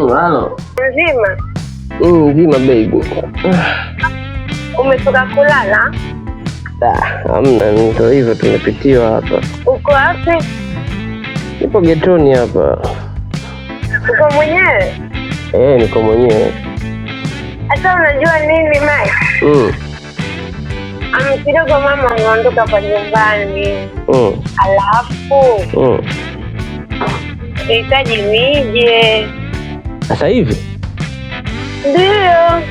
Halo. Mzima? Mm, mzima baby. Umetoka kulala? amna ndio hivyo tumepitiwa hapa. Uko wapi? Nipo getoni hapa. Uko mwenyewe? Eh, niko mwenyewe. Hata unajua nini Mike? Mm. Kidogo mama anaondoka kwa nyumbani. Mm. Alafu. Mm. Nahitaji nije sasa hivi ndio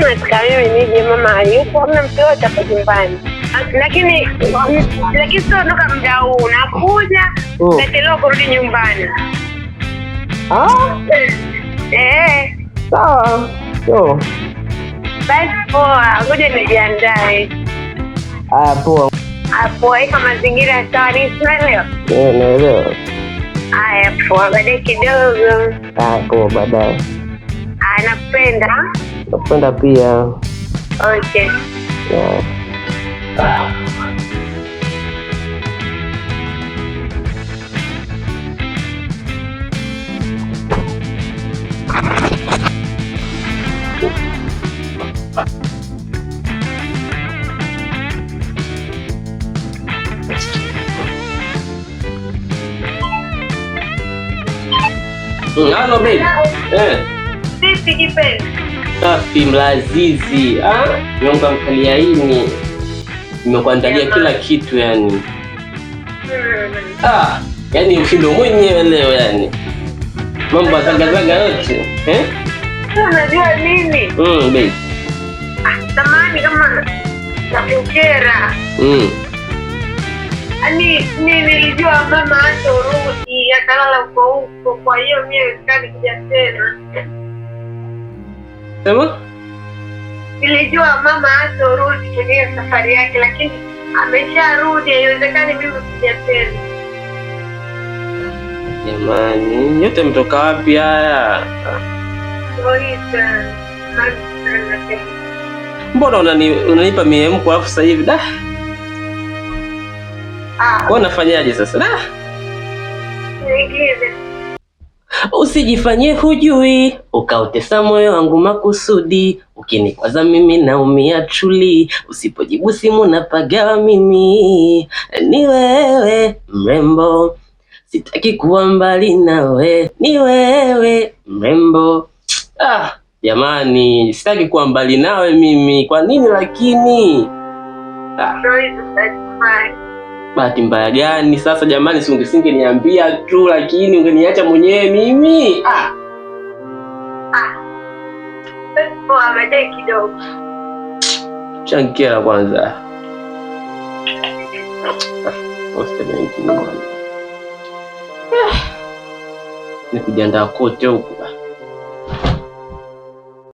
katika mm, mimi nije mama hayupo, amna mtu yote nyumbani, lakini lakini sio toka muda huu nakuja oh. natelewa kurudi nyumbani. Eh. Eh. Sawa, basi poa, ngoja nijiandae. Poa ah, poa, iko mazingira sawa, eh, naelewa. Haya, baadaye kidogo. Haya, poa, baadaye. Nakupenda. Nakupenda pia. Okay. Yeah. Halo babe. Eh. Vipi kipenzi? Safi mlazizi. Ah, nyumba mkalia ini. Nimekuandalia kila kitu yani. Hmm. Ah, yani ushindo mwenyewe leo yani. Mambo zagazaga yote. Eh? Unajua nini? Mm, babe. tamani ah, kama nakukera. Mm. Ani, nini nilijua mama hata urudi mimi akalala uko huko, kwa hiyo mie mimi kuja tena. Sema nilijua mama hatorudi kwenye safari yake, lakini amesharudi, haiwezekani mimi kuja tena. Jamani, nyote mtoka wapi? Haya, mbona unanipa miemko alafu sasa hivi da, ah. kwa unafanyaje sasa da Usijifanye hujui ukaotesa moyo wangu makusudi, ukinikwaza mimi naumia chuli, usipojibu simu napagawa mimi. Ni wewe mrembo, sitaki kuwa mbali nawe. Ni wewe mrembo. Ah, jamani, sitaki kuwa mbali nawe mimi. Kwa nini lakini? Ah. Bahati mbaya gani sasa jamani? Si niambia tu, lakini ungeniacha mwenyewe mimi. Ah, ah, oh, kidogo chankela kwanza ah. nikujiandaa ah. kote huku ah.